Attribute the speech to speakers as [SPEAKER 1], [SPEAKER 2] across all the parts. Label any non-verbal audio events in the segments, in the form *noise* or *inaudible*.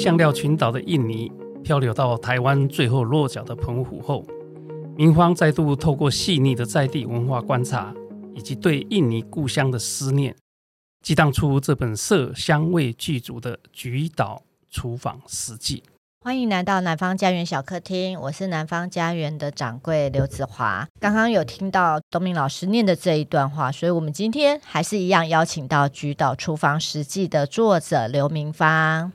[SPEAKER 1] 香料群島的印尼漂流到台灣，最後落腳的澎湖後，明芳再度透過細膩的在地文化觀察，以及對印尼故鄉的思念，激盪出這本色香味俱足的《菊島廚房食記》。
[SPEAKER 2] 歡迎來到南方家園小客廳，我是南方家園的掌櫃劉子華。剛剛有聽到東明老師念的這一段話，所以我們今天還是一樣邀請到《菊島廚房食記》的作者劉明芳。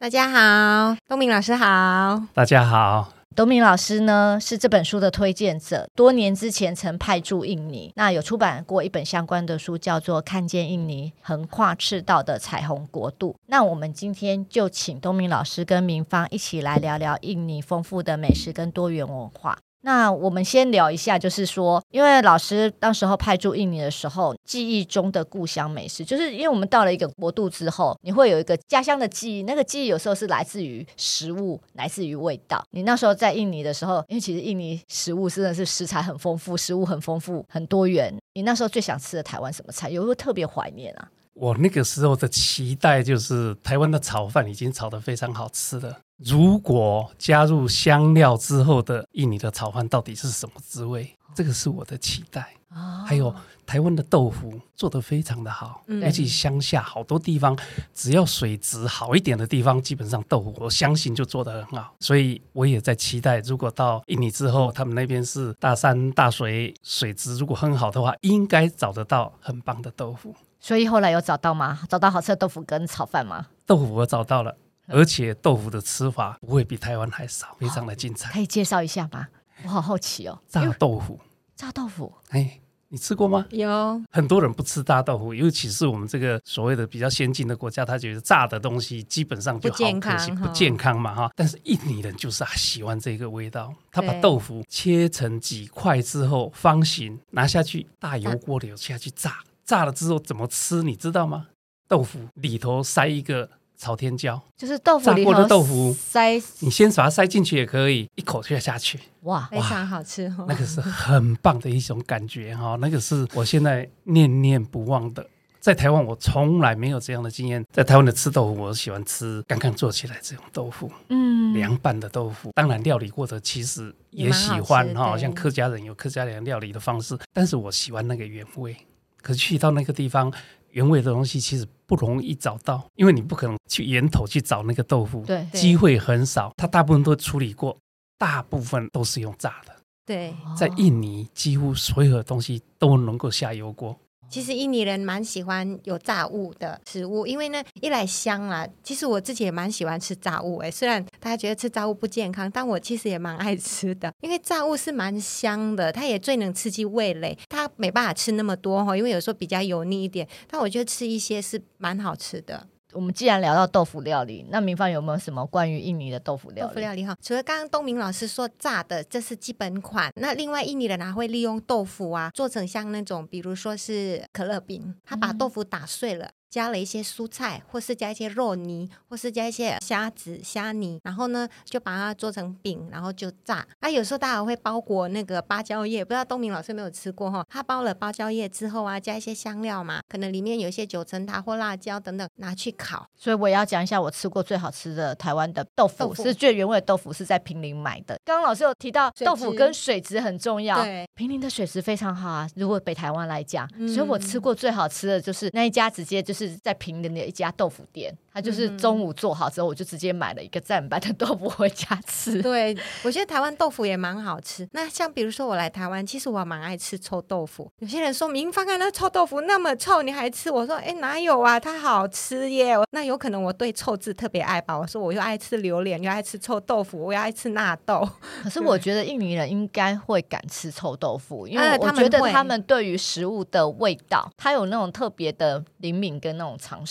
[SPEAKER 2] 大家好，東明老師好。大家好，東明老師呢是這本書的推薦者，多年之前曾派駐印尼，那有出版過一本相關的書，叫做《看見印尼：橫跨赤道的彩虹國度》。那我們今天就請東明老師跟明芳一起來聊聊印尼豐富的美食跟多元文化。那我們先聊一下，就是說，因為老師當時候派駐印尼的時候，記憶中的故鄉美食，就是因為我們到了一個國度之後，你會有一個家鄉的記憶。那個記憶有時候是來自於食物，來自於味道。你那時候在印尼的時候，因為其實印尼食物真的是食材很豐富，食物很豐富，很多元。你那時候最想吃的台灣什麼菜，有沒有特別懷念啊？
[SPEAKER 1] 我那個時候的期待就是，台灣的炒飯已經炒得非常好吃了。如果加入香料之後的印尼的炒飯到底是什麼滋味？這個是我的期待。啊，還有台灣的豆腐做得非常的好，而且鄉下好多地方，只要水質好一點的地方，基本上豆腐我相信就做得很好。所以我也在期待，如果到印尼之後，他們那邊是大山大水，水質如果很好的話，應該找得到很棒的豆腐。
[SPEAKER 2] 所以後來有找到嗎？找到好吃的豆腐跟炒飯嗎？
[SPEAKER 1] 豆腐我找到了，嗯、而且豆腐的吃法不會比台灣還少，哦、非常的精
[SPEAKER 2] 彩。可以介紹一下嗎？我好好奇哦，炸豆腐，炸豆腐，
[SPEAKER 1] 哎，你吃
[SPEAKER 2] 過嗎？哦、有
[SPEAKER 1] 很多人不吃炸豆腐，尤其是我們這個所謂的比較先進的國家，他覺得炸的東西基本上就好不健康，哦、不健康嘛哈。但是印尼人就是喜歡這個味道，對他把豆腐切成幾塊之後，方形拿下去大油鍋裡下去炸。啊炸了之後怎麼吃？你知道嗎？豆腐裡頭塞一個朝天椒，
[SPEAKER 2] 就是豆腐裡頭炸過的豆腐塞。
[SPEAKER 1] 你先把它塞進去也可以，一口就下去。
[SPEAKER 3] 哇，哇，非常好吃哦，那個是很
[SPEAKER 1] 棒的一種感覺哈。 *laughs* 那個是我現在念念不忘的。在台灣，我從來沒有這樣的經驗。在台灣的吃豆腐，我喜歡吃剛剛做起來這種豆腐，嗯，涼拌的豆腐。當然，料理過的其實也喜歡哈，好好像客家人有客家人料理的方式，但是我喜歡那個原味。可是去到那個地方，原味的東西其實不容易找到，因為你不可能去源頭去找那個豆腐，對，對，機會很少。它大部分都處理過，大部分都是用炸的。
[SPEAKER 3] 對，在印
[SPEAKER 1] 尼，幾乎所有的東西都能夠下油鍋。
[SPEAKER 3] 其實印尼人蠻喜歡有炸物的食物，因為呢，一來香啦。其實我自己也蠻喜歡吃炸物，哎，雖然大家覺得吃炸物不健康，但我其實也蠻愛吃的，因為炸物是蠻香的，它也最能刺激味蕾。它沒辦法
[SPEAKER 2] 吃那麼多哈，因為有時候比較油膩一點，但我覺得吃一些是蠻好吃的。我們既然聊到豆腐料理，那明芳有沒有什麼關於印尼的豆腐料理？豆腐料
[SPEAKER 3] 理哈，除了剛剛東明老師說炸的，這是基本款。那另外印尼人還、啊、會利用豆腐啊，做成像那種，比如說是可樂餅，他把豆腐打碎了。嗯加了一些蔬菜，或是加一些肉泥，或是加一些蝦子、蝦泥，然後呢，就把它做成餅，然後就炸。啊，有時候大家會包裹那個芭蕉葉，不知道東明老師有沒有吃過哈？他包了芭蕉葉之後啊，加一些香料嘛，可能裡面有一些九層塔或辣椒等等，拿去烤。
[SPEAKER 2] 所以我也要講一下我吃過最好吃的台灣的豆腐，豆腐是最原味的豆腐，是在平林買的。剛剛老師有提到豆腐跟水質很重要，對，平林的水質非常好啊。如果北台灣來講，嗯、所以我吃過最好吃的就是那一家，直接就是。是在平林的一家豆腐店。他就是中午做好之後，我就直接買了一個蘸白的豆腐回家吃、嗯。對，
[SPEAKER 3] 我覺得台灣豆腐也蠻好吃。那像比如說我來台灣，其實我蠻愛吃臭豆腐。有些人說，明芳啊，那臭豆腐那麼臭，你還吃？我說，哎、欸，哪有啊，它好吃耶。那有可能我對臭字特別愛吧？我說，我又愛吃榴蓮，又愛吃臭豆腐，我又愛吃納豆。
[SPEAKER 2] 可是我覺得印尼人應該會敢吃臭豆腐，因為我覺得他們對於食物的味道，他有那種特別的靈敏跟那種嘗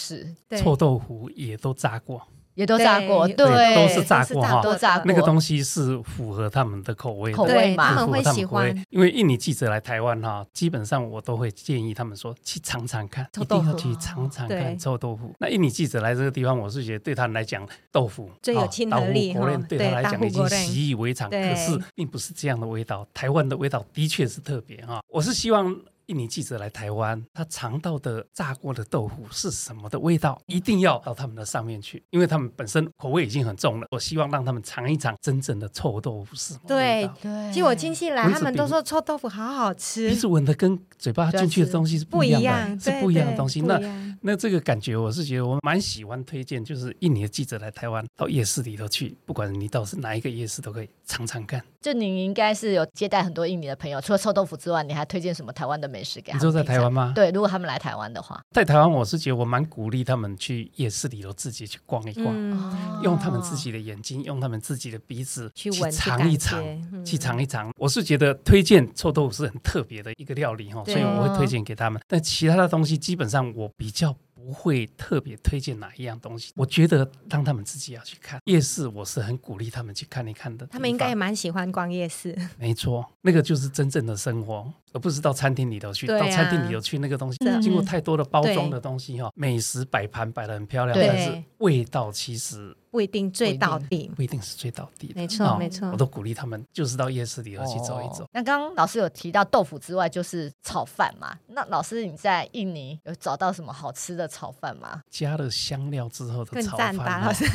[SPEAKER 2] 試。臭豆腐。
[SPEAKER 1] 也都炸過，
[SPEAKER 2] 也都炸過，對，都是炸過哈，都炸。那個東
[SPEAKER 1] 西是符合他們的口味，口味嘛，他們會喜歡。因為印尼記者來台灣哈，基本上我都會建議他們說去嘗嘗看，一定要去嘗嘗看臭豆腐。那印尼記者來這個地方，我是覺得對他來講豆腐，到我們國內對他來講已經習以為常，可是並不是這樣的味道。台灣的味道的確是特別哈，我是希望。印尼記者來台灣，他嚐到的炸過的豆腐是什麼的味道？一定要到他們的上面去，因為他們本身口味已經很重了。我希望讓他們嚐一嚐真正的臭豆
[SPEAKER 3] 腐是什麼味道？對對，其實我親戚來，他們都說臭豆腐好好吃。鼻子聞
[SPEAKER 1] 的跟嘴巴進去的東西是不一樣的，是不一樣，對對，是不一樣的東西。那那這個感覺，我是覺得我蠻喜歡推薦，就是印尼的記者來台灣，到夜市裡頭去，不管你到是哪一個夜市，都可以嚐嚐看。
[SPEAKER 2] 就你應該是有接待很多印尼的朋友，除了臭豆腐之外，你還推薦什麼台灣的美食給他們？你說在台灣嗎？對，如果他們來台灣的話，
[SPEAKER 1] 在台灣我是覺得我蠻鼓勵他們去夜市裡頭自己去逛一逛，嗯哦、用他們自己的眼睛，用他們自己的鼻子去聞、去嚐一嚐，嗯、去嘗一嘗。我是覺得推薦臭豆腐是很特別的一個料理哈，嗯、所以我會推薦給他們。哦、但其他的東西基本上我比較。不會特別推薦哪一樣東西，我覺得讓他們自己要去看夜市，我是很鼓勵他們去看一看的。他們應該也
[SPEAKER 3] 蠻喜歡逛夜市。
[SPEAKER 1] 沒錯，那個就是真正的生活，而不是到餐廳裡頭去。對啊、到餐廳裡頭去那個東西，嗯、經過太多的包裝的東西哈，對美食擺盤擺得很漂亮，對但是味道其實。不一定醉到底不，不一定是最到底。沒錯沒錯。哦、沒錯我都鼓勵他們，就是到夜市裡頭去走一走、哦。那
[SPEAKER 2] 剛剛老師有提到豆腐之外，就是炒飯嘛？那老師你在印尼有找到什麼好吃的炒飯嗎？
[SPEAKER 1] 加了香料之後的炒飯，讚哦、老師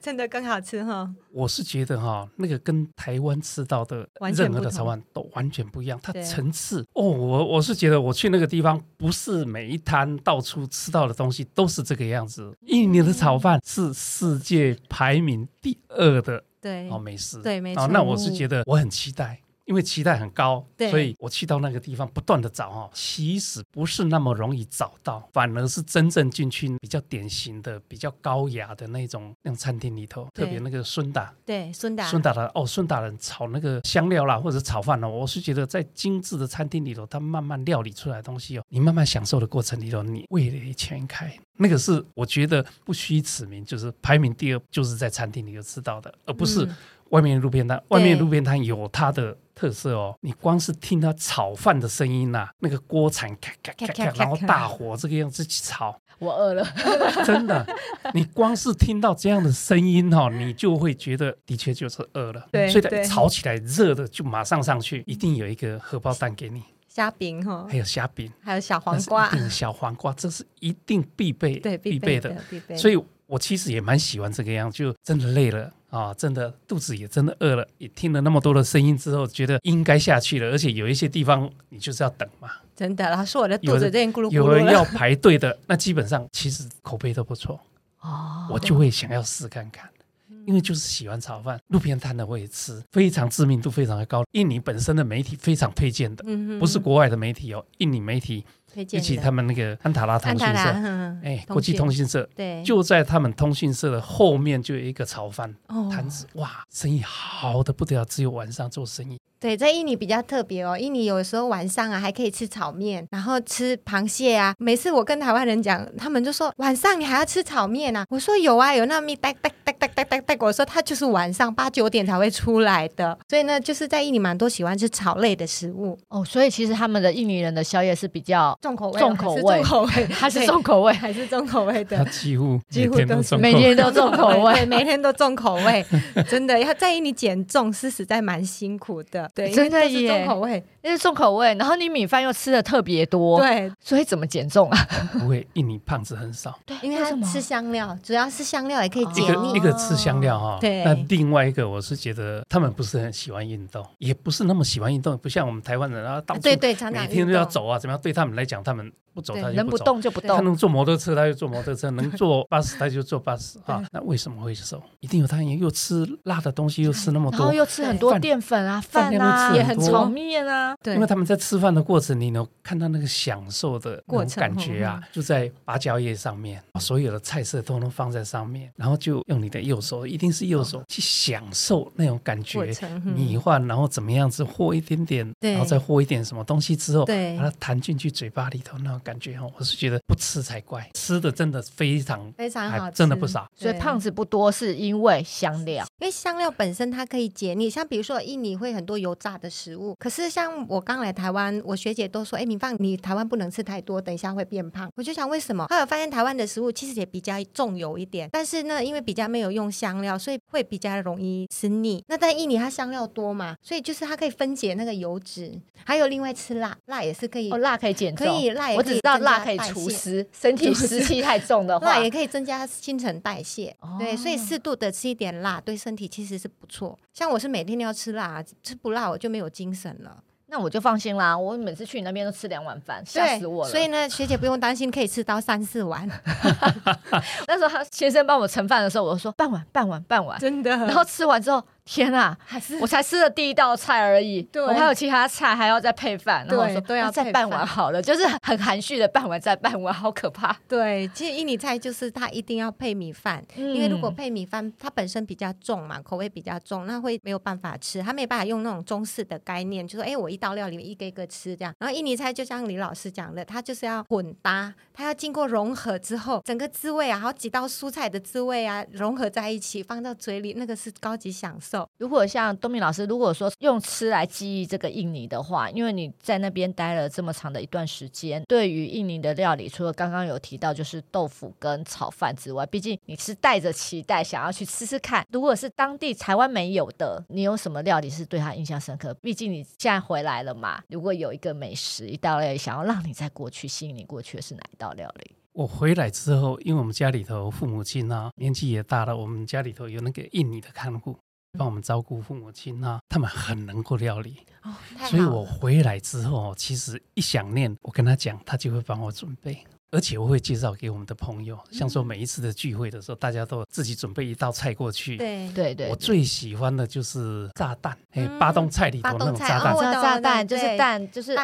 [SPEAKER 2] 真的更好吃哈。哦、
[SPEAKER 1] 我是覺得哈、哦，那個跟台灣吃到的任何的炒飯都完全不一樣，它層次對哦，我我是覺得我去那個地方，不是每一攤到處吃到的東西都是這個樣子。嗯、印尼的炒飯是世界。排名第二的對哦，美食對，沒錯、哦、那我是覺得我很期待。因為期待很高，對所以我去到那個地方，不斷的找、哦、其實不是那麼容易找到，反而是真正進去比較典型的、比較高雅的那種那種、個、餐廳裡頭，對特別那個孫達，
[SPEAKER 3] 對孫達，孫達
[SPEAKER 1] 的哦，孫達人炒那個香料啦，或者是炒飯哦。我是覺得在精緻的餐廳裡頭，他慢慢料理出來的東西哦，你慢慢享受的過程裡頭，你味蕾全開，那個是我覺得不虛此名，就是排名第二，就是在餐廳裡頭吃到的，而不是、嗯。外面路邊攤，外面路邊攤有它的特色哦。對你光是聽它炒飯的聲音吶、啊，那個鍋鏟咔咔咔咔，然後大火這個樣子去炒，
[SPEAKER 2] 我餓了。 *laughs* 真的，
[SPEAKER 1] 你光是聽到這樣的聲音哈、哦，你就會覺得的確就是餓了。對所以炒起來熱的就馬上上去，對一定有一個荷包蛋給你，
[SPEAKER 3] 蝦餅哈、哦，還有蝦餅，還有小黃瓜，
[SPEAKER 1] 小黃瓜這是一定必備，對必備的。必備的必備所以，我其實也蠻喜歡這個樣，就真的累了。啊、哦，真的肚子也真的餓了，也聽了那麼多的聲音之後，覺得應該下去了。而且有一些地方，你就是要等嘛。
[SPEAKER 3] 真的，啊，他說我的肚子在咕嚕咕嚕。有人，有人要
[SPEAKER 1] 排隊的，那基本上其實口碑都不錯。哦。我就會想要試看看，哦，因為就是喜歡炒飯，路邊攤的我也吃，非常知名度非常的高，印尼本身的媒體非常推薦的，嗯、哼。不是國外的媒體哦，印尼媒體。一起他們那個安塔拉通訊社，哎，國際通訊社，對，就在他們通訊社的後面就有一個炒飯攤子，哇，生意好得不得了，只有晚上做生意。
[SPEAKER 3] 對，在印尼比較特別哦，印尼有時候晚上啊還可以吃炒麵，然後吃螃蟹啊。每次我跟台灣人講，他們就說晚上你還要吃炒麵啊？我說有啊，有那米帶帶帶帶帶帶帶。我說他就是晚上八九點才會出來的，
[SPEAKER 2] 所以呢，就是在印尼蠻多喜歡吃炒類的食物。哦，所以其實他們的印尼人的宵夜是比較。重口味，重
[SPEAKER 3] 口味，重口味，還是重口味，還是重口味，他幾乎幾乎都每天都重口味，每天都重口味，真的在印尼減重是實在蠻辛苦的。對，真的也因為重口味，
[SPEAKER 2] 那是重口味，然後你米飯又吃的特別多，對，所以怎麼減重啊？不會，印尼胖子很少，對，因為他吃香料，主要是香料也可以解膩，一個
[SPEAKER 1] 吃香料哈，對，那另外一個我是覺得他們不是很喜歡運動，也不是那麼喜歡運動，不像我們台灣人啊，對對，常常每天都要走啊，怎麼樣？對他們來。講他們不走，他能不動就不動。他能坐摩托車，他就坐摩托車；能坐巴士，他就坐巴士啊。那為什麼會瘦？一定有他，又吃辣的東西，又吃那麼多，又吃很
[SPEAKER 2] 多澱粉啊，飯啊，也很炒麵啊。對，因為
[SPEAKER 1] 他們在吃飯的過程你能看到那個享受的那種感覺啊，就在芭蕉葉上面，把所有的菜色都能放在上面，然後就用你的右手，一定是右手去享受那種感覺，米飯，然後怎麼樣子和一點點，然後再和一點什麼東西之後，把它彈進去嘴巴。巴裡頭那種感覺哈，我是覺得不吃才怪，吃的真的非常非常好，真
[SPEAKER 3] 的不少。對所以胖
[SPEAKER 2] 子不多是因為香料，因
[SPEAKER 3] 為香料本身它可以解膩。你像比如說印尼會很多油炸的食物，可是像我剛來台灣，我學姐都說，哎，明芳你台灣不能吃太多，等一下會變胖。我就想為什麼？後來發現台灣的食物其實也比較重油一點，但是呢，因為比較沒有用香料，所以會比較容易吃膩。那在印尼它香料多嘛，所以就是它可以分解那個油脂。還有另外吃辣，辣也是可以，哦、辣可以減重以辣也可以，我只知道辣可以除濕，代謝 身體濕氣太重的話， *laughs* 辣也可以增加新陳代謝。對，哦、所以適度的吃一點辣，對身體其實是不錯。像我是每天都要吃
[SPEAKER 2] 辣，吃不辣我就沒有精神了。那我就放心啦，我每次去你那邊都吃兩碗飯，對嚇死我了。所以呢，學姐不用擔心，可以吃到三四碗。 *laughs* *laughs* 那時候她先生幫我盛飯的時候，我都說半碗，半碗，半碗，真的。然後吃完之後。天啊，還是我才吃了第一道菜而已，對。我還有其他菜還要再配飯。對，都要，要再半碗好了，就是很含蓄的半碗再半碗，好可怕。對，其實印尼菜就是它一定要配米
[SPEAKER 3] 飯，嗯、因為如果配米飯，它本身比較重嘛，口味比較重，那會沒有辦法吃，它沒辦法用那種中式的概念，就是、說哎，我一道料裡面一個一個吃這樣。然後印尼菜就像李老師講的，它就是要混搭，它要經過融合之後，整個滋味啊，好幾道蔬菜
[SPEAKER 2] 的滋味啊，融合在一起放到嘴裡，那個是高級享受。走如果像東明老師，如果說用吃來記憶這個印尼的話，因為你在那邊待了這麼長的一段時間，對於印尼的料理，除了剛剛有提到就是豆腐跟炒飯之外，畢竟你是帶着期待想要去吃吃看。如果是當地台灣沒有的，你有什麼料理是對他印象深刻？畢竟你現在回來了嘛，如果有一個美食一道料理，想要讓你在過去吸引你過去的是哪一道料理？
[SPEAKER 1] 我回來之後，因為我們家裡頭父母親呢、啊，年紀也大了，我們家裡頭有那個印尼的看護。幫我們照顧父母親啊，他們很能夠料理。哦，所以我回來之後，其實一想念，我跟他講，他就會幫我準備。而且我會介紹給我們的朋友，像說每一次的聚會的時候，大家都自己準備一道菜過去。對對對。我最喜歡的就是炸蛋，哎，巴東菜裡頭那種炸蛋炸
[SPEAKER 2] 炸蛋就是蛋，就是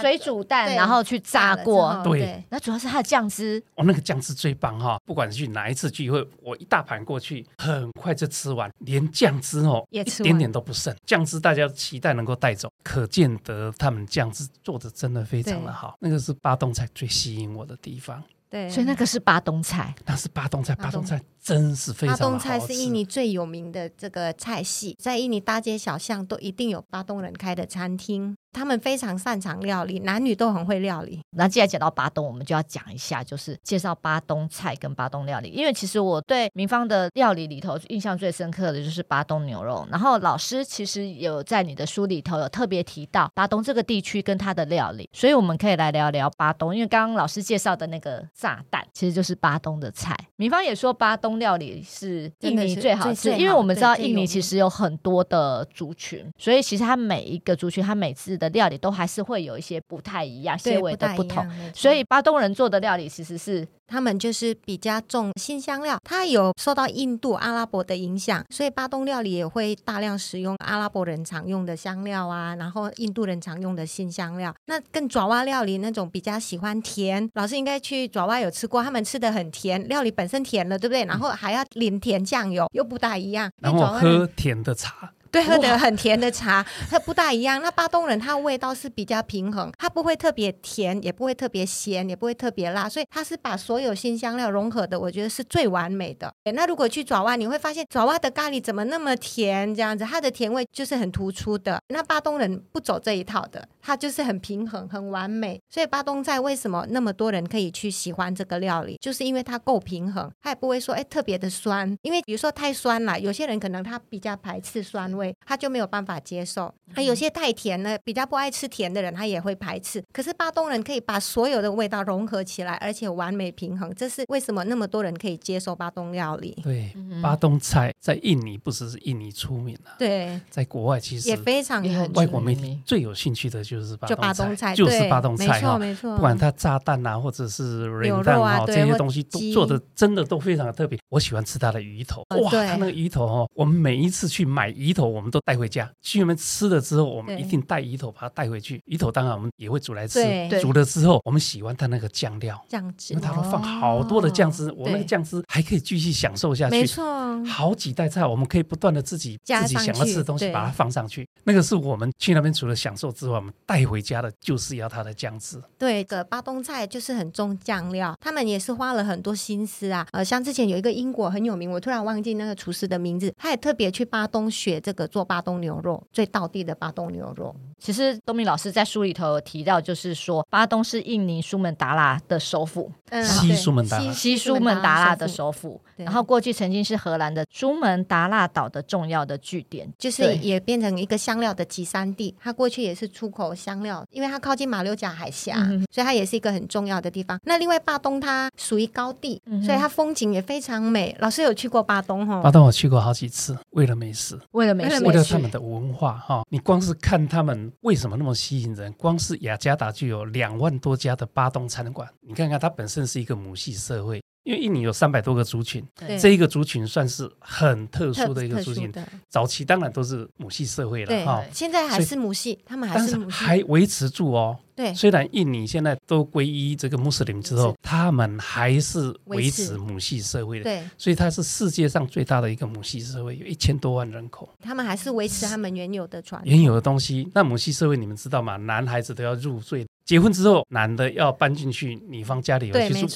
[SPEAKER 2] 水煮蛋，然後去炸過。對。那主要是它的醬汁，
[SPEAKER 1] 哦，那個醬汁最棒哈！不管是去哪一次聚會，我一大盤過去，很快就吃完，連醬汁哦也吃一點點都不剩，醬汁大家期待能夠帶走，可見得他們醬汁做的真的非常的好。那個是巴東菜最吸引我的點。地方，
[SPEAKER 2] 對，所以那個是巴東菜、嗯，那是巴東菜，巴東菜。
[SPEAKER 1] 真是非常好。巴東菜是印尼
[SPEAKER 3] 最有名的這個菜系，在印尼大街小巷都一定有巴東人開的餐廳，他們非常擅長料理，男女都很會料理。
[SPEAKER 2] 那既然接講到巴東，我們就要講一下，就是介紹巴東菜跟巴東料理。因為其實我對明芳的料理裡頭印象最深刻的就是巴東牛肉。然後老師其實有在你的書裡頭有特別提到巴東這個地區跟它的料理，所以我們可以來聊聊巴東。因為剛剛老師介紹的那個炸蛋其實就是巴東的菜，明芳也說巴東。料理是印尼最好吃，最最好的，因為我們知道印尼其實有很多的族群，所以其實它每一個族群，它每次的料理都還是會有一些不太一樣，些微對的不同。不所以巴東人做的料理其實是。他們就是比較重辛香料，它
[SPEAKER 3] 有受到印度、阿拉伯的影響，所以巴東料理也會大量使用阿拉伯人常用的香料啊，然後印度人常用的辛香料。那跟爪哇料理那種比較喜歡甜，老師應該去爪哇有吃過，他們吃得很甜，料理本身甜了，對不對？然後還要淋甜醬油，又不大一樣。然後喝
[SPEAKER 1] 甜的茶。
[SPEAKER 3] 對，喝的很甜的茶，哇 它不大一樣。那巴東人，它味道是比較平衡，它不會特別甜，也不會特別鹹，也不會特別辣，所以它是把所有辛香料融合的，我覺得是最完美的。欸、那如果去爪哇，你會發現爪哇的咖喱怎麼那麼甜這樣子，它的甜味就是很突出的。那巴東人不走這一套的，他就是很平衡、很完美。所以巴東菜為什麼那麼多人可以去喜歡這個料理，就是因為它夠平衡，它也不會說哎、欸、特別的酸，因為比如說太酸了，有些人可能他比較排斥酸味。他就沒有辦法接受，還有些太甜了，比較不愛吃甜的人，他也會排斥。可是巴東人可以把所有的味道融合起來，而且完美平衡，這是為什麼那麼多人可以接受巴東料理？
[SPEAKER 1] 對，巴東菜在印尼不只是印尼出名了，對，在國外其實也非常。外國媒體最有興趣的就是巴東菜，就是巴東菜，沒錯沒錯。不管它炸彈啊，或者是牛肉啊，這些東西都做的真的都非常特別。我喜歡吃它的魚頭，哇，它那個魚頭哦，我們每一次去買魚頭。我們都帶回家，去那邊吃了之後，我們一定帶魚頭把它帶回去。魚對頭當然我們也會煮來吃，對煮了之後我們喜歡它那個醬料，
[SPEAKER 3] 醬汁，因為它都放好
[SPEAKER 1] 多的醬汁。哦、我們那個醬汁還可以繼續享受下去，對沒錯，好幾道菜我們可以不斷的自己自己，想要吃的東西把它放上去。對那個是我們去那邊除了享受之外，我們帶回家的就是要它的醬汁。
[SPEAKER 3] 對的，巴東菜就是很重醬料，他們也是花了很多心思啊。呃，像之前有一個英國很有名，我突然忘記那個廚師的名字，他也特別去巴東學這個。做巴東牛肉，最
[SPEAKER 2] 道地的巴東牛肉。其實東明老師在書裡頭有提到，就是說巴東是印尼蘇門答臘的首府，嗯、西，蘇西蘇門答臘的首府，對然後過去曾經是荷蘭的蘇門答臘島的重要的據點，對就是也變成一個
[SPEAKER 3] 香料的集散地。它過去也是出口香料，因為它靠近馬六甲海峽，嗯、哼所以它也是一個很重要的地方。那另外，巴東它屬於高地，嗯、哼所以它風景也非常美。老師有去過巴東哈？巴東我
[SPEAKER 1] 去過好幾次，為了美食，為了美食，為了，美食，為了他們的文化哈。你光是看他們。為什麼那麼吸引人？光是雅加達就有兩萬多家的巴東餐館，你看看，它本身是一個母系社會。因為印尼有三百多個族群，對這一個族群算是很特殊的一個族群。早期當然都是母系社會了，哈對。哦，現在還是
[SPEAKER 3] 母系，以他們還是母系，但是還
[SPEAKER 1] 維持住哦。對，雖然印尼現在都皈依這個穆斯林之後，是他們還是維持母系社會的。對，所以它是世界上最大的一個母系社會，有一千多萬人口。
[SPEAKER 3] 他們還是維持他們原有的傳統。原
[SPEAKER 1] 有的東西。那母系社會你們知道嗎？男孩子都要入贅。結婚之後，男的要搬進去女方家裡，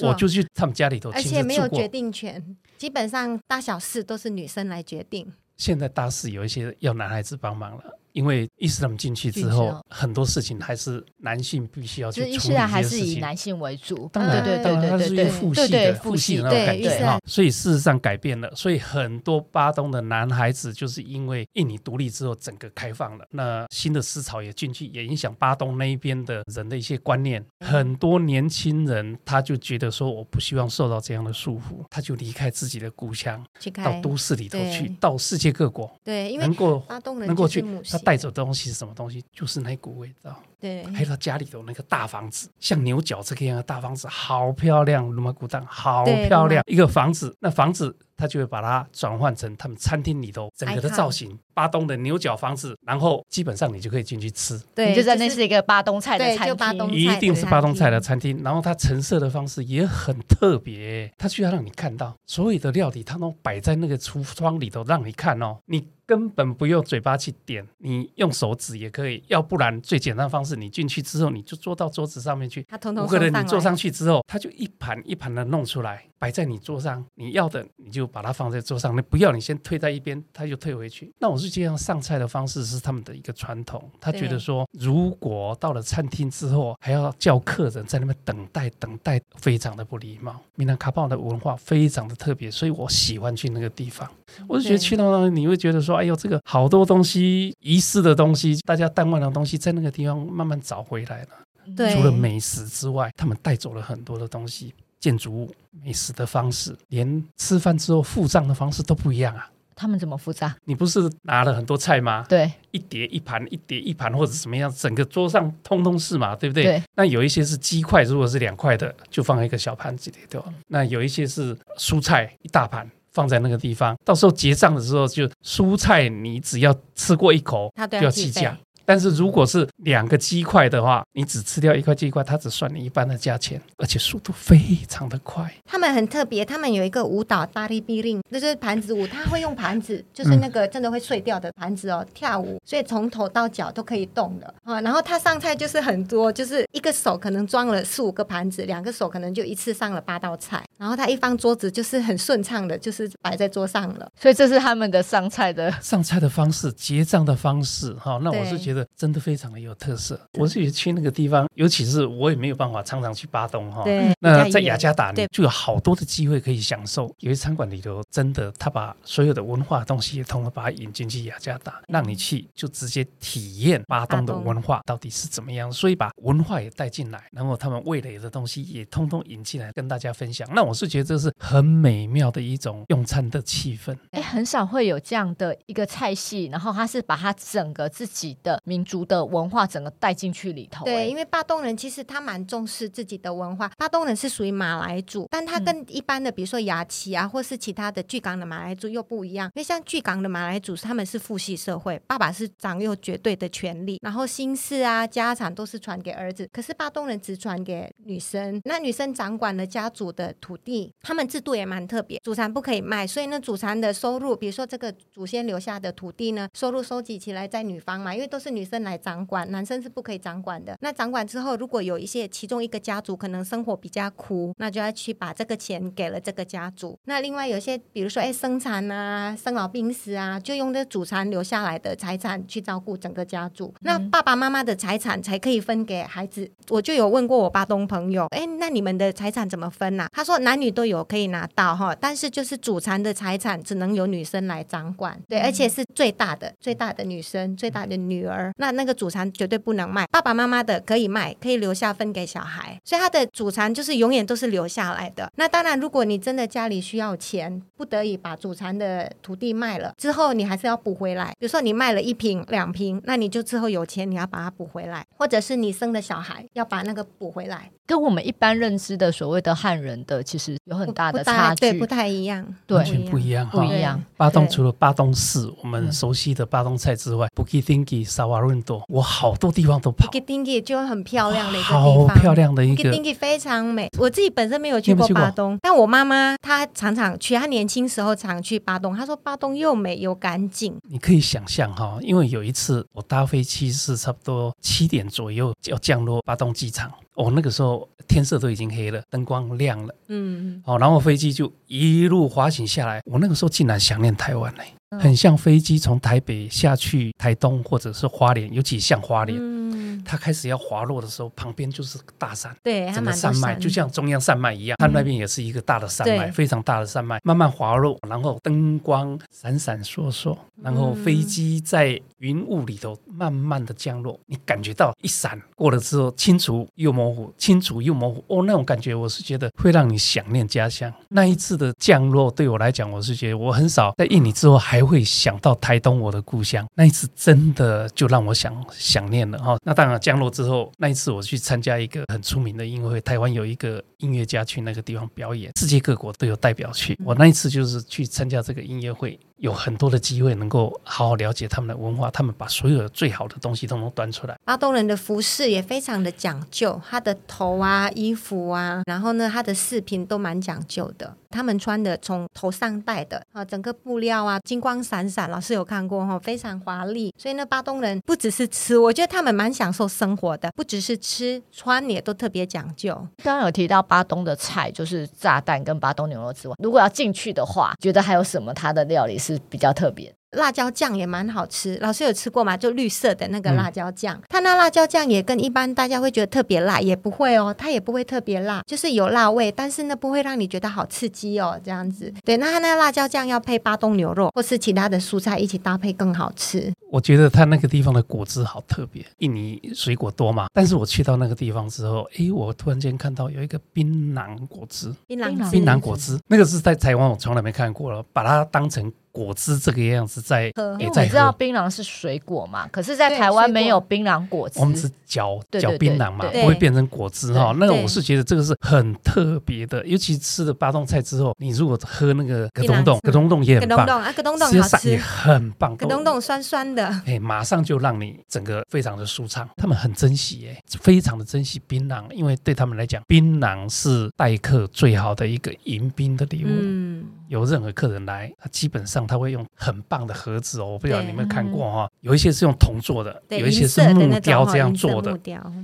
[SPEAKER 1] 我就去他們家裡頭，而且沒有決
[SPEAKER 3] 定權，基本上大小事都是女生來決定。
[SPEAKER 1] 現在大事有一些要男孩子幫忙了。因為伊斯蘭進去之後，很多事情還是男性必須要去處理的事情。是還是以男性
[SPEAKER 2] 為主，對對對對對對對對。父系的，父系的那種感覺。所以
[SPEAKER 1] 事實上改變了。所以很多巴東的男孩子，就是因為印尼獨立之後整個開放了，那新的思潮也進去，也影響巴東那邊的人的一些觀念。很多年輕人他就覺得說，我不希望受到這樣的束縛，他就離開自己的故鄉，去到都市裡頭去，到世界各國。對，因為巴東能夠去母帶走東西是什麼東西？就是那一股味道。對，對，還有他家裡頭那個大房子，像牛角這個樣的大房子，好漂亮，魯瑪古當，好漂亮，嗯、一個房子。那房子他就會把它轉換成他們餐廳裡頭整個的造型，哎、巴東的牛角房子。然後基本上你就可以進去吃，對，
[SPEAKER 2] 你就在那是一個巴東菜的餐廳，就是、菜餐廳一定是巴東菜的
[SPEAKER 1] 餐廳。對然後它陳設的方式也很特別，它需要讓你看到所有的料理，它都擺在那個櫥窗裡頭讓你看哦，你。根本不用嘴巴去點，你用手指也可以。要不然最簡單的方式，你進去之後你就坐到桌子上面去，不可能你坐上去之後，他就一盤一盤的弄出來。擺在你桌上，你要的你就把它放在桌上，你不要你先推在一邊，他就退回去。那我是這樣上菜的方式是他們的一個傳統，他覺得說，對如果到了餐廳之後還要叫客人在那邊等待等待，非常的不禮貌。米南卡保的文化非常的特別，所以我喜歡去那個地方。對我就覺得去到那裡你會覺得說，哎呦，這個好多東西遺失的東西，大家淡忘的東西，在那個地方慢慢找回來了。對除了美食之外，他們帶走了很多的東西。建築物、美食的方式，連吃飯之後付賬的方式都不一樣啊！
[SPEAKER 2] 他們怎麼付賬？
[SPEAKER 1] 你不是拿了很多菜嗎？對，一碟一盤，一碟一盤，或者怎麼樣，整個桌上通通是嘛，對不對？對，那有一些是雞塊，如果是兩塊的，就放在一個小盤子裡頭；對嗯、那有一些是蔬菜，一大盤放在那個地方。到時候結賬的時候就，就蔬菜你只要吃過一口，要就要計價。但是如果是兩個雞塊的話，你只吃掉一塊雞塊，它只算你一半的價錢，而且速度非常的快。
[SPEAKER 3] 他們很特別，他們有一個舞蹈大力必令， *laughs* 那就是盤子舞，他會用盤子，就是那個真的會碎掉的盤子哦跳舞，嗯、所以從頭到腳都可以動的啊、哦。然後他上菜就是很多，就是一個手可能裝了四五個盤子，兩個手可能就一次上了八道菜。然後他一方桌子就是很順暢的，就是
[SPEAKER 2] 擺在桌上了。所以這是他們的上菜的
[SPEAKER 1] 上菜的方式，結賬的方式哈、哦。那我是覺得。真的非常的有特色對。我自己去那個地方，尤其是我也沒有辦法常常去巴東對哈。對、嗯。那在雅加達你就有好多的機會可以享受。對有些餐館裡頭真的，他把所有的文化的東西也通通把它引進去雅加達，嗯、讓你去就直接體驗巴東的文化到底是怎麼樣，東所以把文化也帶進來，然後他們味蕾的東西也通通引進來跟大家分享。那我是覺得這是很美妙的一種用餐的氣氛。
[SPEAKER 2] 哎、欸，很少會有這樣的一個菜系，然後他是把他整個自己的。民族的文化整個帶進去裡頭，欸，對，因
[SPEAKER 3] 為巴東人其實他蠻重視自己的文化。巴東人是屬於馬來族，但他跟一般的，嗯、比如說亞齊啊，或是其他的巨港的馬來族又不一樣。因為像巨港的馬來族，他們是父系社會，爸爸是掌有絕對的權力，然後姓氏啊，家產都是傳給兒子。可是巴東人只傳給女生，那女生掌管了家族的土地。他們制度也蠻特別，祖產不可以賣，所以呢，祖產的收入，比如說這個祖先留下的土地呢，收入收集起來在女方嘛，因為都是。女生來掌管，男生是不可以掌管的。那掌管之後，如果有一些其中一個家族可能生活比較苦，那就要去把這個錢給了這個家族。那另外有些，比如說哎，生產啊、生老病死啊，就用這祖產留下來的財產去照顧整個家族。那爸爸媽媽的財產才可以分給孩子。嗯，我就有問過我巴東朋友，哎，那你們的財產怎麼分啊？他說男女都有可以拿到哈，但是就是祖產的財產只能由女生來掌管，對，而且是最大的最大的女生最大的女兒。那那個祖產絕對不能賣，爸爸媽媽的可以賣，可以留下分給小孩，所以他的祖產就是永遠都是留下來的。那當然，如果你真的家裡需要錢，不得已把祖產的土地賣了之後，你還是要補回來。比如說你賣了一瓶、兩瓶，那你就之後有錢你要把它補回來，或者是你生的小孩要把那個補回來。
[SPEAKER 2] 跟我們一般認知的所謂的漢人的其實有很大的差距，不,不,對不太
[SPEAKER 3] 一樣，對完全不一樣，對不一樣。巴對東除
[SPEAKER 1] 了巴東市對我們熟悉的巴東菜之外，Bukittinggi 稍微。嗯潤多，我好多地方都跑。
[SPEAKER 3] Kitty 就很漂亮的一個地方，好漂亮的一個 Kitty 非常美。我自己本身沒有去過巴東，但我媽媽她常常去，她年輕時候常去巴東。她說巴東又美又乾淨。
[SPEAKER 1] 你可以想象哈，因為有一次我搭飛機是差不多七點左右要降落巴東機場，我、哦、那個時候天色都已經黑了，燈光亮了，嗯，然後飛機就一路滑行下來，我那個時候竟然想念台灣呢。嗯、很像飛機從台北下去台東或者是花蓮，尤其像花蓮，嗯、它開始要滑落的時候，旁邊就是大山，對，整個山脈就像中央山脈一樣，嗯、它那邊也是一個大的山脈，對非常大的山脈，慢慢滑落，然後燈光閃閃爍爍，然後飛機在雲霧裡頭慢慢的降落，嗯、你感覺到一閃過了之後，清楚又模糊，清楚又模糊，哦，那種感覺我是覺得會讓你想念家鄉。嗯、那一次的降落對我來講，我是覺得我很少在印尼之後還，還會想到台東，我的故鄉。那一次真的就讓我想想念了哈。那當然降落之後，那一次我去參加一個很出名的音樂會，台灣有一個音樂家去那個地方表演，世界各國都有代表去。我那一次就是去參加這個音樂會。有很多的機會能夠好好了解他們的文化，他們把所有最好的東西都能端出來。
[SPEAKER 3] 巴東人的服飾也非常的講究，他的頭啊、衣服啊，然後呢，他的飾品都蠻講究的。他們穿的從頭上戴的啊，整個布料啊，金光閃閃，老師有看過哈，非常華麗。所以呢，巴東人
[SPEAKER 2] 不只是吃，我覺得他們蠻享受生活的，不只是吃，穿也都特別講究。剛剛有提到巴東的菜就是炸彈跟巴東牛肉之外，如果要進去的話，覺得還有什麼他的料理？是比較特別。
[SPEAKER 3] 辣椒醬也蠻
[SPEAKER 2] 好吃，老師有吃過嗎？就綠
[SPEAKER 3] 色的那個辣椒醬，嗯、它那辣椒醬也跟一般大家會覺得特別辣，也不會哦，它也不會特別辣，就是有辣味，但是呢不會讓你覺得好刺激哦，這樣子。對，那它那辣椒醬要配巴東牛肉或是其他的蔬菜一起搭配更好吃。
[SPEAKER 1] 我覺得它那個地方的果汁好特別，印尼水果多嘛？但是我去到那個地方之後，誒，我突然間看到有一個檳榔果汁，檳榔，檳榔果汁，果汁，那個是在台灣我從來沒看過了，把它當成果汁這個樣子。在也在喝，你知道
[SPEAKER 2] 檳榔是水果嘛？可是，在台灣沒有檳榔果汁，我們是嚼嚼檳榔嘛，不會變成果汁哈。那我是
[SPEAKER 1] 覺得這個是很特別的，尤其吃了巴東菜之後，你如果喝那個可東東，可東東也很棒，其實酸很棒，可東
[SPEAKER 3] 東酸酸的，
[SPEAKER 1] 哎，馬上就讓你整個非常的舒暢。他們很珍惜哎，非常的珍惜檳榔，因為對他們來講，檳榔是待客最好的一個迎賓的禮物。嗯。有任何客人來，他基本上他會用很棒的盒子哦，我不知道你們有沒有看過哈。有一些是用銅做的，有一些是木雕這樣做的，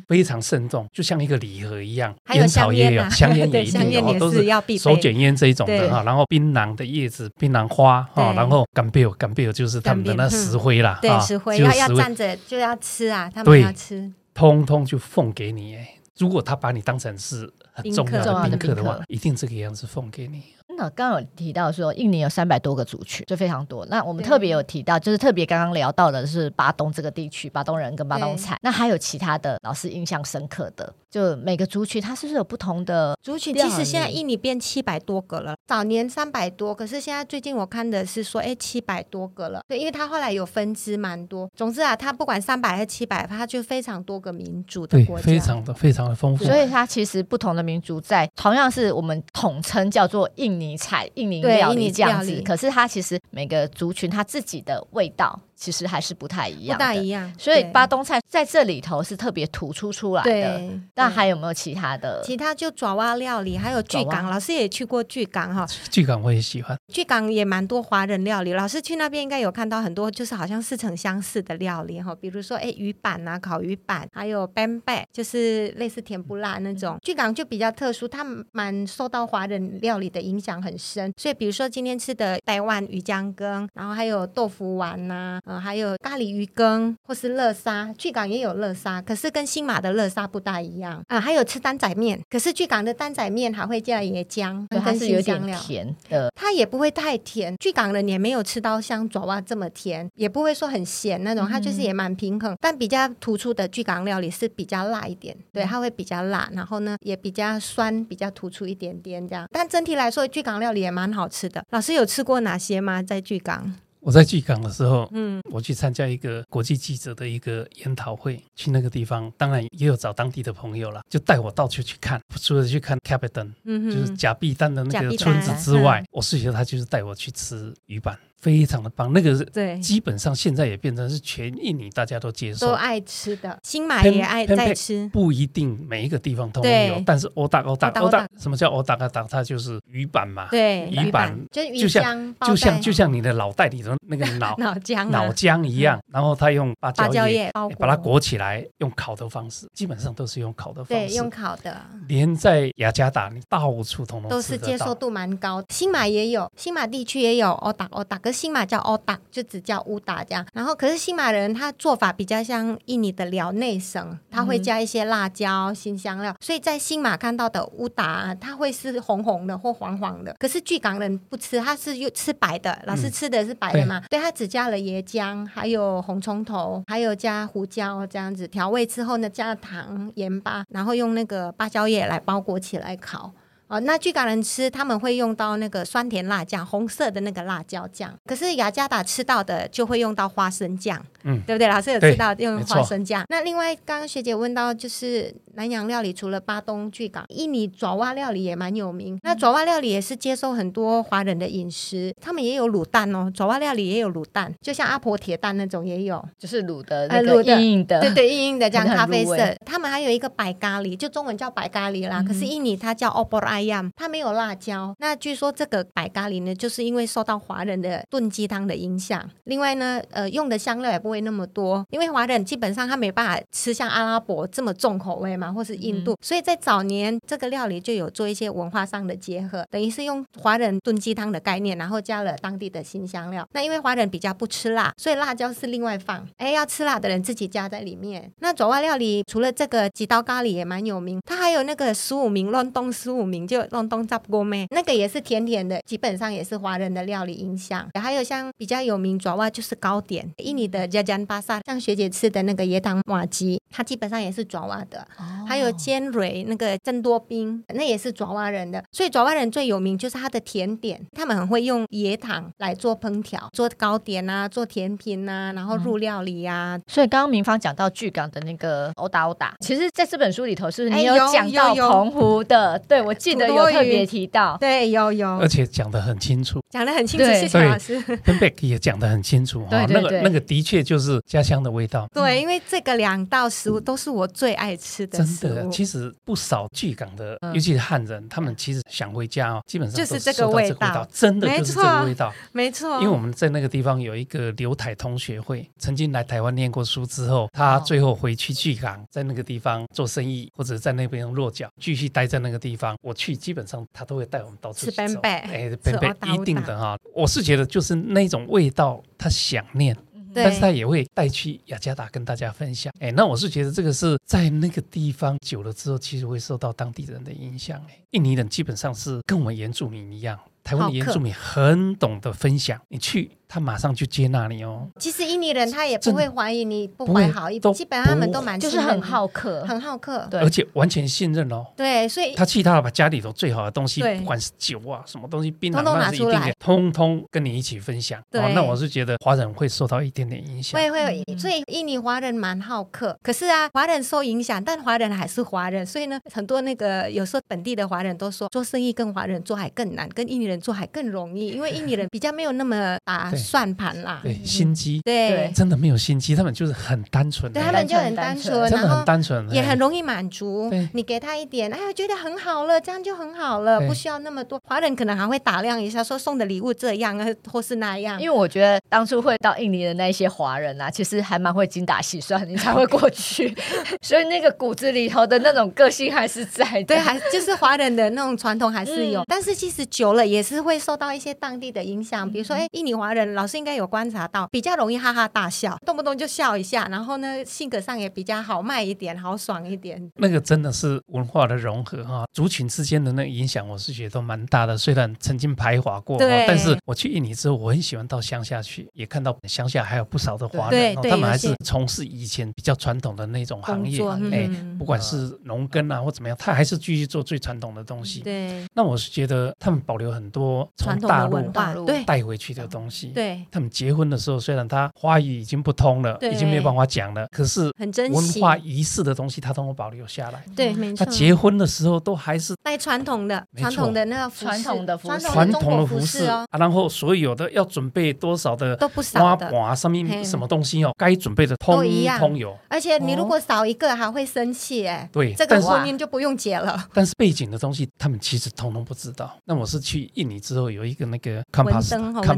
[SPEAKER 1] 非常慎重，就像一個禮盒一樣。菸草也有，香菸也一定有，都是手卷菸這一種的哈。然後檳榔的葉子、檳榔花，然後甘貝爾、甘貝爾就是他們的那石灰啦，對，石灰要要站
[SPEAKER 2] 着就要吃啊，他們要吃，
[SPEAKER 1] 通通就奉給你。誒，如果他把你當成是很重要的賓客的話，一定這個樣子奉給你。
[SPEAKER 2] 剛剛有提到說，印尼有三百多個族群，就非常多。那我們特別有提到，對就是特別剛剛聊到的是巴東這個地區，巴東人跟巴東菜。對那還有其他的，老師印象深刻的？就每個族群，它是不是有不同的族群？其實現在印
[SPEAKER 3] 尼變七百多個了，料理。早年三百多，可是現在最近我看的是說，哎，七百多個了。對，因為它後來有分支蠻多。總之啊，它不管
[SPEAKER 2] 三百還是七百，它就非常多個民族的國家，對，非常
[SPEAKER 1] 的非常的豐富。所以
[SPEAKER 2] 它其實不同的民族在，同樣是我們統稱叫做印尼菜、印尼料理這樣子。對，可是它其實每個族群它自己的味道。其實還是不太一樣，不大一
[SPEAKER 3] 樣。所以巴
[SPEAKER 2] 東菜在這裡頭是特別突出出來的。對，但還有沒有其他的？嗯、其
[SPEAKER 3] 他就爪哇料理，嗯、還有巨港。哇老師也去過巨港哈、嗯，巨港我也喜歡。巨港也蠻多華人料理。老師去那邊應該有看到很多，就是好像似曾相似的料理哈，比如說哎魚板啊，烤魚板，還有 Pempek 就是類似甜不辣那種。嗯嗯、巨港就比較特殊，它蠻受到華人料理的影響很深。所以比如說今天吃的台灣魚漿羹，然後還有豆腐丸吶、啊。嗯、還有咖喱魚羹，或是叻沙，巨港也有叻沙，可是跟新馬的叻沙不大一樣啊、呃。還有吃擔仔麵，可是巨港的擔仔麵還會加椰漿，它是有點甜的，它也不會太甜。巨港人也沒有吃到像爪哇這麼甜，也不會說很鹹那種，它就是也蠻平衡。嗯、但比較突出的巨港料理是比較辣一點，對，嗯、它會比較辣，然後呢也比較酸，比較突出一點點這樣。但整體來說，巨港料理也蠻好吃的。老師有吃過哪些嗎？在巨港？
[SPEAKER 1] 我在巨港的時候，嗯，我去參加一個國際記者的一個研討會，去那個地方，當然也有找當地的朋友啦，就帶我到處去看。除了去看 Capitan、嗯、哼就是甲必丹的那個村子之外，嗯、我最記得他就是帶我去吃魚板。非常的棒，那個是，對，基本上現在也變成是全印尼大家都接受，都
[SPEAKER 3] 愛吃的，新馬也愛在吃。
[SPEAKER 1] 不一定每一個地方都會有，但是哦打哦打哦打，什麼叫哦打哦打它就是魚板嘛，對，魚板，就像就像就像你的腦袋裡的那個腦腦漿腦漿一樣，然後它用芭蕉葉把它裹起來，用烤的方式，基本上都是用烤的方式，對，用
[SPEAKER 3] 烤的。
[SPEAKER 1] 連在雅加達，你到處都能都是接受度
[SPEAKER 3] 蠻高，新馬也有，新馬地區也有。哦打哦打個。新馬叫烏達，就只叫烏達這樣。然後，可是新馬人他做法比較像印尼的廖內省，他會加一些辣椒、辛香料，嗯、所以在新馬看到的烏達，他會是紅紅的或黃黃的。可是巨港人不吃，他是又吃白的，老是吃的是白的嘛？嗯、對，對他只加了椰漿，還有紅蔥頭，還有加胡椒這樣子調味之後呢，加了糖、鹽巴，然後用那個芭蕉葉來包裹起來烤。哦，那巨港人吃他們會用到那個酸甜辣醬，紅色的那個辣椒醬。可是雅加達吃到的就會用到花生醬，嗯，對不對？老師有吃到對用花生醬。錯那另外，剛剛學姐問到就是。南洋料理除了巴東、巨港，印尼爪哇料理也蠻有名。嗯、那爪哇料理也是接受很多華人的飲食，他們也有滷蛋哦。爪哇料理也有滷蛋，就像阿婆鐵蛋那種也有，就是
[SPEAKER 2] 滷的對對、啊這個、硬硬的，對，對對，硬
[SPEAKER 3] 硬的這樣咖啡色。他們還有一個白咖喱就中文叫白咖喱啦，嗯、可是印尼它叫 Opor Ayam，它沒有辣椒。那據說這個白咖喱呢，就是因為受到華人的燉雞湯的影響。另外呢，呃，用的香料也不會那麼多，因為華人基本上他沒辦法吃像阿拉伯這麼重口味嘛。嘛，或是印度，嗯、所以在早年這個料理就有做一些文化上的結合，等於是用華人燉雞湯的概念，然後加了當地的辛香料。那因為華人比較不吃辣，所以辣椒是另外放，哎、欸，要吃辣的人自己加在裡面。那爪哇料理除了這個幾道咖喱也蠻有名，它還有那個十五名亂東十五名，就亂東雜鍋麵，那個也是甜甜的，基本上也是華人的料理影響。還有像比較有名爪哇就是糕點，印尼的加加巴薩，像學姐吃的那個椰糖瓦吉，它基本上也是爪哇的。還有尖蕊那個珍多冰，那也是爪哇人的，所以爪哇人最有名就是他的甜點，他們很會用椰糖來做烹調、做糕點啊、做甜品啊，然後入料理啊。嗯、所以剛剛明
[SPEAKER 2] 芳講到巨港的那個歐打歐打其實在這本書裡頭是不是你有講到澎湖的？欸、對，我記得有特別提到，對，有有，而
[SPEAKER 1] 且講得很清楚，講得很清楚，謝謝對老師。Pempek< 對> *laughs* 也講得很清楚，對，對，對、那個，那個那個的確就是家鄉的味道。
[SPEAKER 2] 對，嗯、
[SPEAKER 3] 因為這個兩道食物都是我最愛吃的。真的，其
[SPEAKER 1] 實不少巨港的，嗯、尤其是漢人，他們其實想回家哦，基本上是就是這個味道，真的就是這個味道，沒錯。
[SPEAKER 2] 沒錯，因為我們
[SPEAKER 1] 在那個地方有一個留台同學會，曾經來台灣念過書之後，他最後回去巨港，在那個地方做生意、哦、或者在那邊落腳，繼續待在那個地方。我去，基本上他都會帶我們到處吃板貝，哎，板貝一定的哈。我是覺得就是那種味道，他想念。對但是他也會帶去雅加達跟大家分享。哎，那我是覺得這個是在那個地方久了之後，其實會受到當地人的影響。哎，印尼人基本上是跟我們原住民一樣，臺灣的原住民很懂得分享。你去。他馬上就接納你哦。
[SPEAKER 3] 其實印尼人他也不會懷疑你不懷好意，基本上他們都蠻就是很好客，很好客。對，而且
[SPEAKER 1] 完全信任哦。
[SPEAKER 3] 對，所以他
[SPEAKER 1] 去他把家裡頭最好的東西，對不管是酒啊什麼東西，冰糖，都是一點點，通通跟你一起分享。對、哦，那我是覺得華人會受到一點點影響。
[SPEAKER 3] 會會，嗯、所以印尼華人蠻好客。可是啊，華人受影響，但華人還是華人。所以呢，很多那個有時候本地的華人都說，做生意跟華人做還更難，跟印尼人做還更容易，因為印尼人比較沒有那麼大。 *laughs* 算盤啦，對，心
[SPEAKER 1] 機，對，真的沒有心機，他們就是很單純
[SPEAKER 3] 的，他們就很單純，真的很單純，也很容易滿足。你給他一點，哎，我覺得很好了，這樣就很好了，不需要那麼多。華人可能還會打量一下，說送的禮物這樣啊，
[SPEAKER 2] 或是那樣。因為我覺得當初會到印尼的那一些華人啊，其實還蠻會精打細算，你才會過去。所以那個骨子裡頭的那種個性還是在的，對，還就是
[SPEAKER 3] 華人的那種傳統還是有。但是其實久了也是會受到一些當地的影響，比如說，哎，印尼華人。老師應該有觀察到，比較容易哈哈大笑，動不動就笑一下，然後呢，性格上也比較豪邁一點，豪爽一點。
[SPEAKER 1] 那個真的是文化的融合哈、啊，族群之間的那個影響，我是覺得蠻大的。雖然曾經排華過、啊，對但是我去印尼之後，我很喜歡到鄉下去，也看到鄉下還有不少的華人，哦、他們還是從事以前比較傳統的那種行業，嗯、誒不管是農耕啊、嗯、或怎麼樣，他還是繼續做最傳統的東西。對，那我是覺得他們保留很多從大陸帶回去的東西。對，他們結婚的時候，雖然他話語已經不通了，已經沒有辦法講了，可是很文化儀式的東西，他都保留下來。對，沒錯。他結婚的時候都還
[SPEAKER 3] 是帶傳統的，傳統的那個傳統的傳統傳統的服飾哦。
[SPEAKER 1] 然後所有的要準備多少的都不少的，上面什麼東西哦，該準備的通通有。而且你如果
[SPEAKER 3] 少一個還會生氣哎。對，這個婚姻就不用結了。
[SPEAKER 1] 但是背景的東西他們其實通通不知道。那我是去印尼之後有一個那個文燈看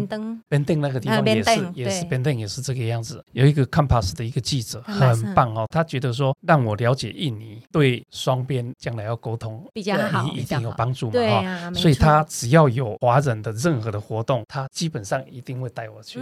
[SPEAKER 1] 文燈。定那個地方也是也是邊定也是這個樣子，有一個 Compass 的一個記者，很棒哦，他覺得說讓我了解印尼，對雙邊將來要溝通比較好，一定有幫助嘛，對呀，所以他只要有華人的任何的活動，他基本上一定會帶我去。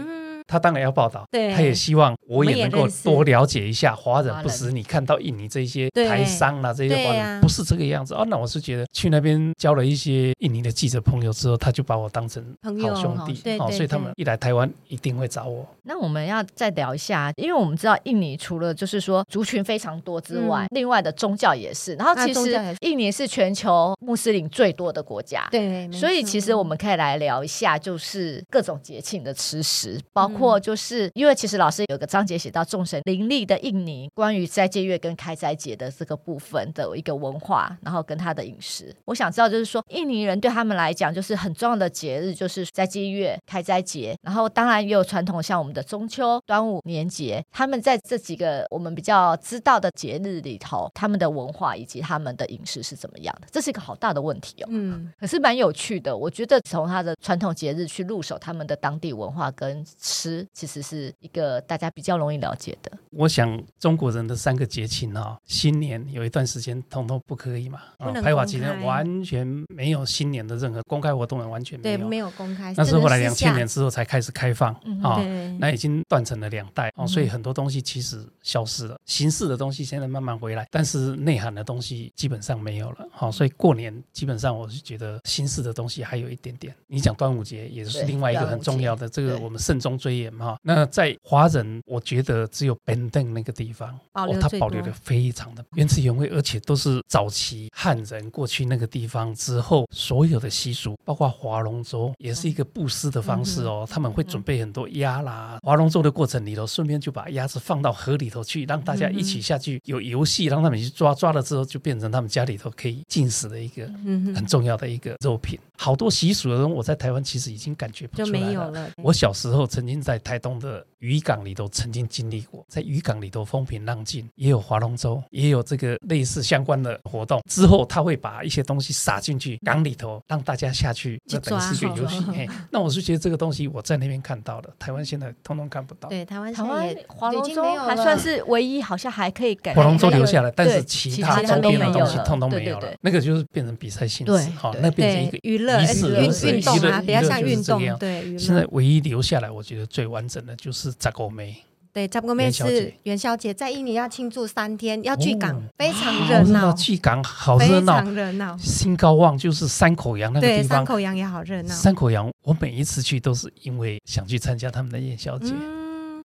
[SPEAKER 1] 他當然要報道，對啊、他也希望我也能夠多了解一下華人。不是你看到印尼這些台商啊，啊這些華人不是這個樣子哦、啊啊，那我是覺得去那邊交了一些印尼的記者朋友之後，他就把我當成好兄弟，哦、對，對，對，所以他們一來台灣一定會找我。
[SPEAKER 2] 那我們要再聊一下，因為我們知道印尼除了就是說族群非常多之外，嗯、另外的宗教也是。然後其實印尼是全球穆斯林最多的國家，對。所以其實我們可以來聊一下，就是各種節慶的吃食，包括、嗯。或、嗯、就是因為其實老師有個章節寫到，眾神林立的印尼，關於齋戒月跟開齋節的這個部分的一個文化，然後跟他的飲食，我想知道就是說，印尼人對他們來講就是很重要的節日，就是齋戒月、開齋節，然後當然也有傳統像我們的中秋、端午、年節，他們在這幾個我們比較知道的節日裡頭，他們的文化以及他們的飲食是怎麼樣的。這是一個好大的問題哦。嗯，可是蠻有趣的，我覺得從他的傳統節日去入手，他們的當地文化跟。其實是一個大家比較容易了解的。
[SPEAKER 1] 我想，中國人的三個節慶啊，新年有一段時間統統不可以嘛、哦，不能公開。排華期間完全沒有新年的任何公開活動，完全沒有。
[SPEAKER 3] 沒有公開。那是後來兩千年之
[SPEAKER 1] 後才開始開放、哦、那已經斷成了兩代、哦、所以很多東西其實消失了。形式的東西現在慢慢回來，但是內涵的東西基本上沒有了、哦、所以過年基本上我是覺得形式的東西還有一點點。你講端午節也是另外一個很重要的，這個我們慎終追。嘛，那在華人，我覺得只有 Benteng 那個地方哦，哦，它保留的非常的原汁原味，而且都是早期漢人過去那個地方之後所有的習俗，包括划龍舟，也是一個布施的方式哦。他們會準備很多鴨啦，划龍舟的過程裡頭，順便就把鴨子放到河裡頭去，讓大家一起下去有遊戲，讓他們去抓，抓了之後就變成他們家裡頭可以進食的一個很重要的一個肉品。好多習俗的人，我在台灣其實已經感覺不出來了。我小時候曾經。在台東的漁港裡頭曾經經歷過，在漁港裡頭風平浪靜，也有划龍舟，也有這個類似相關的活動。之後他會把一些東西撒進去港裡頭，讓大家下去，嗯、那等於是個遊戲。那我是覺得這個東西我在那邊看到的，台灣現在通通看不到。對，
[SPEAKER 2] 台灣台灣划龍舟還算是唯一好像還可以改划龍舟留下來，對但是其他周邊的東西通通沒有了。對對對
[SPEAKER 1] 對那個就是變成比賽性質，好、哦，那變成一個娛樂，娛樂，娛運、欸、動樂，娛樂，娛樂，娛樂，娛樂，娛樂，娛樂，娛樂，娛樂，娛樂，最完整的就是扎狗梅，
[SPEAKER 3] 對，扎狗梅是元宵，元宵節，在印尼要慶祝三天，要去港，哦、非常熱鬧。去
[SPEAKER 1] 港、啊、好熱鬧，好熱鬧。熱鬧。新高旺就是山口洋那個地方，對，山口洋也好熱鬧。山口洋，我每一次去都是因為想去參加他們的元宵節。嗯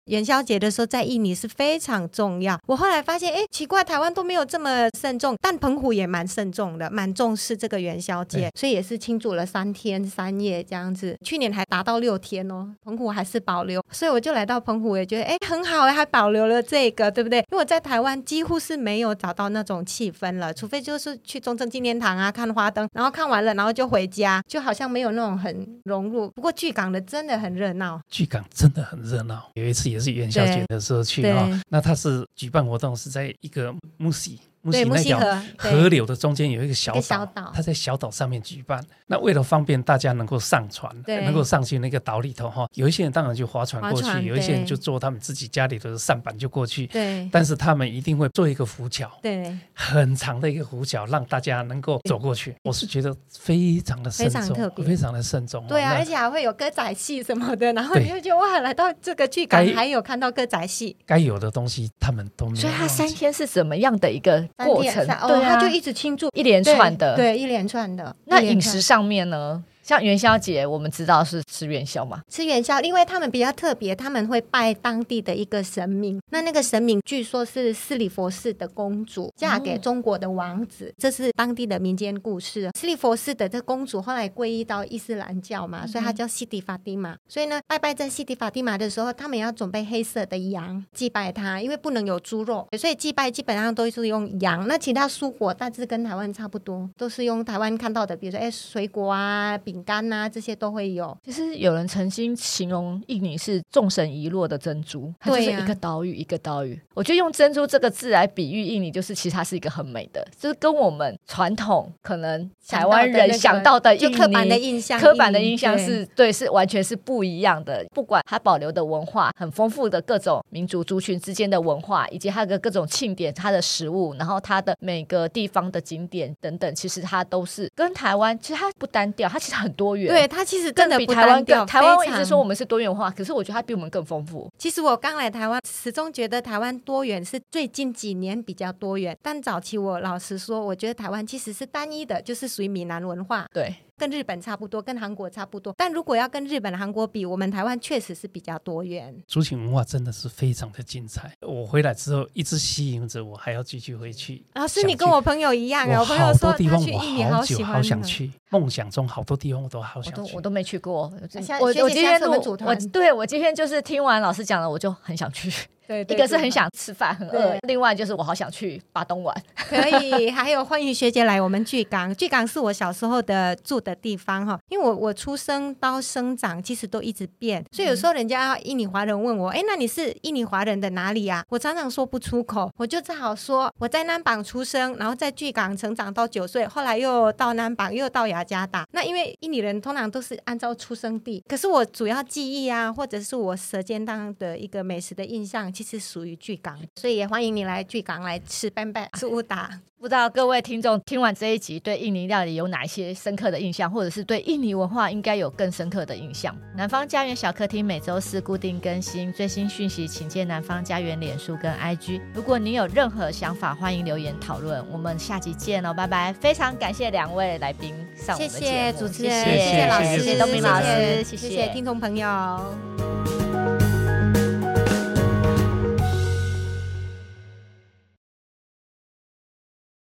[SPEAKER 3] 元宵節的時候在印尼是非常重要。我後來發現，哎，奇怪，台灣都沒有這麼慎重，但澎湖也蠻慎重的，蠻重視這個元宵節，欸、所以也是慶祝了三天三夜這樣子。去年還達到六天哦，澎湖還是保留。所以我就來到澎湖，也覺得哎很好哎、啊，還保留了這個，對不對？因為我在台灣幾乎是沒有找到那種氣氛了，除非就是去中正紀念堂啊看花燈，然後看完了然後就回家，就好像沒有那種很融入。不過巨港的真的很熱鬧，
[SPEAKER 1] 巨港真的很熱鬧。有一次。也是元宵節的時候去啊，那他是舉辦活動是在一個 Musi。穆西河那條河流的中間有一個小島，它在小島上面舉辦。那為了方便大家能夠上船，對，能夠上去那個島裡頭哈。有一些人當然就划船過去，有一些人就坐他們自己家裡頭的舢板就過去。對，但是他們一定會做一個浮橋，
[SPEAKER 3] 對，
[SPEAKER 1] 很長的一個浮橋，讓大家能夠走過去。我是覺得非常的慎重，非常的慎重。對啊，而且
[SPEAKER 3] 還會有歌仔戲什麼的，然後你就哇，來到這個巨港，還有看到歌仔戲，
[SPEAKER 1] 該有的東西他們都沒有。所以他三
[SPEAKER 2] 天是怎麼樣的一個？過程，對啊，他就一直慶祝，一連串的對，對，一連串的。那飲食上面呢？像元宵節，我們知道是吃元宵嘛，
[SPEAKER 3] 吃元宵，因為他們比較特別，他們會拜當地的一個神明。那那個神明據說是斯里佛士的公主，嫁給中國的王子，嗯、這是當地的民間故事。斯里佛士的這公主後來皈依到伊斯蘭教嘛，嗯嗯，所以她叫西迪法蒂瑪。所以呢，拜拜在西迪法蒂瑪的時候，他們要準備黑色的羊祭拜她，因為不能有豬肉，所以祭拜基本上都是用羊。那其他蔬果大致跟台灣差不多，都是用台灣看到的，比如說哎水果啊，餅。餅乾吶，這些都會有。其實有人
[SPEAKER 2] 曾經形容印尼是眾神遺落的珍珠，它，就是一個島嶼一個島嶼。我覺得用珍珠這個字來比喻印尼，就是其實它是一個很美的，就是跟我們傳統可能台灣人想到的，印尼想到的、那個、就刻板的印象印，刻板的印象是對是，是完全是不一樣的。不管它保留的文化，很豐富的各種民族族群之間的文化，以及它的各種慶典、它的食物，然後它的每個地方的景點等等，其實它都是跟台灣其實它不單調，它其實很。很多元，對。他其實真的比台灣更台灣，一直說我們是多元化，常可是我覺得他比我們更豐富。其實我剛來台灣，始終覺得台灣多元是
[SPEAKER 3] 最近幾年比較多元，但早期我老實說，我覺得台灣其實是單一的，就是屬於閩南文化。對。跟日本差不多，跟韓國差不多。但如果要跟日本、韓國比，我們台灣確實是比較多元。
[SPEAKER 1] 族群文化真的是非常的精彩。我回來之後一直吸引着我，還要繼續回去。
[SPEAKER 2] 老師、啊，是你跟我朋友一樣啊？去我朋友說，他去印尼好久，好想去。
[SPEAKER 1] 夢、啊、想中好多地方我都好想去。我都，
[SPEAKER 2] 我都沒去過。啊、我我今天我，我對我今天就是聽完老師講了，我就很想去。對,對,對，一個是很想吃飯，很餓。對另外就是我好想去巴東玩，可以。還有歡迎學姐來我們巨港，巨港
[SPEAKER 3] 是我小時候的住的地方哈。因為我我出生到生長其實都一直變，所以有時候人家印尼華人問我，哎、嗯欸，那你是印尼華人的哪裡啊？我常常說不出口，我就只好說我在南榜出生，然後在巨港成長到九歲，後來又到南榜，又到雅加達。那因為印尼人通常都是按照出生地，可是我主要記憶啊，或者是我舌尖當中的一個美食的印象。其實屬於巨港，所以也歡迎
[SPEAKER 2] 你來巨港來吃班班，是烏打？不知道各位聽眾聽完這一集，對印尼料理有哪一些深刻的印象，或者是對印尼文化應該有更深刻的印象。嗯、南方家園小客廳每週四固定更新最新訊息，請見南方家園臉書跟 IG。如果您有任何想法，歡迎留言討論。我們下集見哦，拜拜！非常感謝兩位來賓上我們的節目，謝謝主持人，謝謝老師，謝謝東明老師，謝謝聽
[SPEAKER 3] 眾朋友。